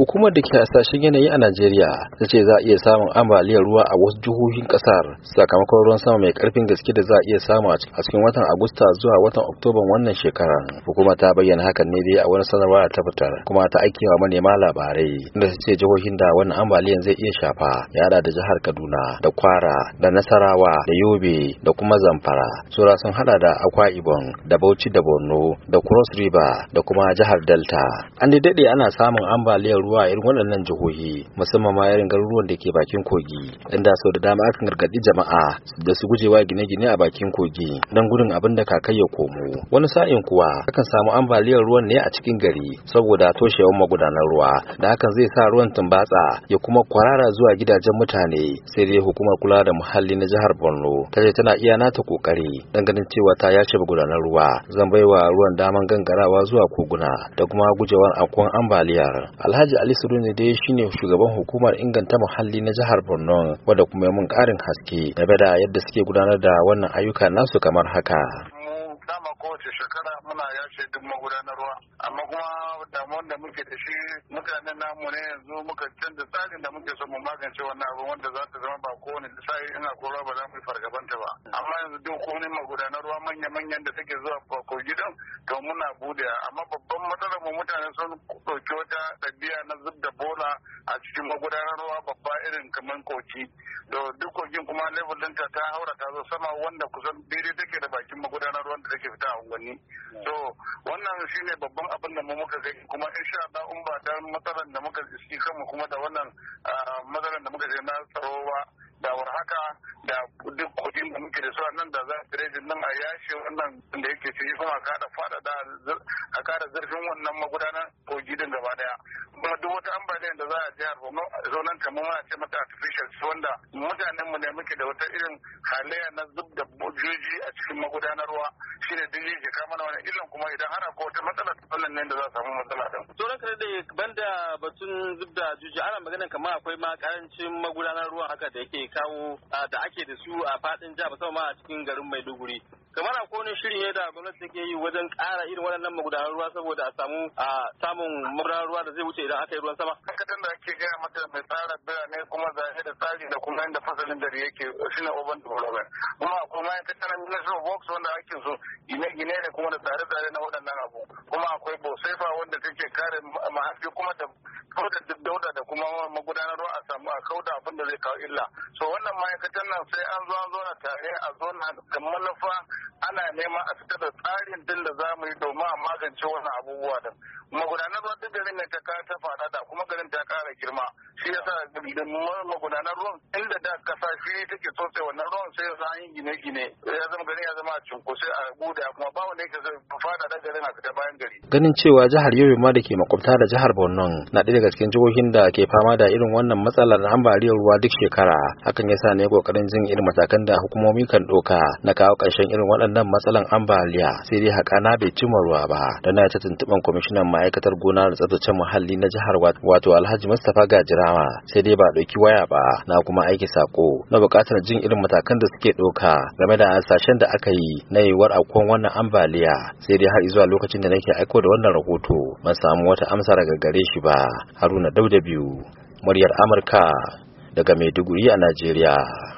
hukumar da ke hasashen yanayi a najeriya ta ce za a iya samun ambaliyar ruwa a wasu jihohin kasar sakamakon ruwan sama mai karfin gaske da za a iya samu a cikin watan agusta zuwa watan oktoban wannan shekarar hukumar ta bayyana hakan ne dai a wani sanarwa ta fitar kuma ta wa manema labarai inda ta ce jihohin da wannan ambaliyar zai iya shafa ya da jihar kaduna da kwara da nasarawa da yobe da kuma zamfara sura sun hada da akwa ibom da bauchi da borno da cross river da kuma jihar delta an daɗe ana samun ambaliyar ruwa a irin waɗannan jihohi musamman ma irin garuruwan da ke bakin kogi inda sau da dama akan gargaɗi jama'a da su gujewa gine-gine a bakin kogi don gudun abin da kakai ya komo wani sa'in kuwa akan samu ambaliyar ruwan ne a cikin gari saboda toshewar magudanar ruwa da hakan zai sa ruwan tumbatsa ya kuma kwarara zuwa gidajen mutane sai dai hukumar kula da muhalli na jihar Borno ta ce tana iya nata kokari dan ganin cewa ta yace magudanar ruwa zan baiwa ruwan daman gangarawa zuwa koguna da kuma gujewar akwai ambaliyar Alhaji Ali Suruni dai shine shugaban hukumar inganta muhalli na jihar Borno wanda kuma ya mun karin haske game da yadda suke gudanar da wannan ayyuka nasu kamar haka. Mu dama ko shekara muna yashe duk magudanar ruwa amma kuma damuwar da muke da shi mutanen namu ne yanzu muka canza tsarin da muke so mu magance wannan abu wanda za ta zama ba kowane sai ina kora ba za mu yi fargabanta ba amma yanzu duk kowane magudanar ruwa manya-manyan da take zuwa ko gidan to muna bude amma babban matsalar mu mutane sun ɗauki wata ɗabi'a na zub da bola a cikin magudanar ruwa babba irin kamar koki to duk kogin kuma level ɗinta ta haura ta zo sama wanda kusan daidai take da bakin magudanar ruwan da take fita a unguwanni yi to wannan shine babban abin da muka gani kuma insha Allah in ba da matsalar da muka ji kanmu kuma da wannan matsalar da muka je na tsaro ba da war haka da duk kudin da muke da su a nan da za a rejin nan a yashe wannan da yake ciki kuma a kada fada da a kada zurfin wannan magudanar kogi din gaba daya kuma duk wata ambaliyar da za a jihar Borno zonan kamar mana ce mata artificial wanda mu ne muke da wata irin halayya na zub da bujoji a cikin magudanar ruwa shi ne duk yake kama na wani illan kuma idan ana ko wata matsala ta fannin ne da za a samu matsala din. Sauran kare da banda batun zub da juji ana magana kamar akwai ma karancin magudanar ruwa haka da yake kawo da ake da su a fadin jihar musamman a cikin garin Maiduguri. kamar a kone shirin yadda gwamnati take yi wajen ƙara irin waɗannan magudanar ruwa saboda a samu a samun magudanar ruwa da zai wuce idan aka yi ruwan sama. Kakadan da ake da fasalin dare yake shine urban development kuma akwai ma'aikatar ministry of box wanda ake so gine-gine da kuma da tsare-tsare na waɗannan abu kuma akwai bosefa wanda take kare mahaifi kuma da kauda duk dauda da kuma magudanar a samu a kauda abin da zai kawo illa so wannan ma'aikatan nan sai an zo an zo na tare a zo na da manufa ana neman a fita da tsarin din da za mu yi domin a magance wannan abubuwa din magudanar ruwa duk garin ne ta ta da kuma garin ta kara girma shi magudanar inda da kasa fili take wannan ruwan sai yasa an gine-gine ya zama a guda kuma ba wanda yake garin a Ganin cewa jihar Yobe ma da ke makwabta da jihar Borno na ɗaya daga cikin jihohin da ke fama da irin wannan matsalar ambaliyar ruwa duk shekara hakan ya sa ne kokarin jin irin matakan da hukumomi kan ɗauka na kawo ƙarshen irin waɗannan matsalar ambaliya sai dai na bai cimma ruwa ba da na ta tuntuɓan kwamishinan ma'aikatar gona da tsaftace muhalli na jihar wato Alhaji Mustapha Gajirawa sai dai ba ɗauki waya ba na kuma aiki sako na buƙatar jin irin matakan da suke ɗauka game da hasashen da aka yi na yiwuwar akwai wannan ambaliya sai dai har zuwa lokacin da nake aiko da wannan rahoto ban samu wata amsa daga gare shi ba haruna dauda biyu muryar amurka daga maiduguri a najeriya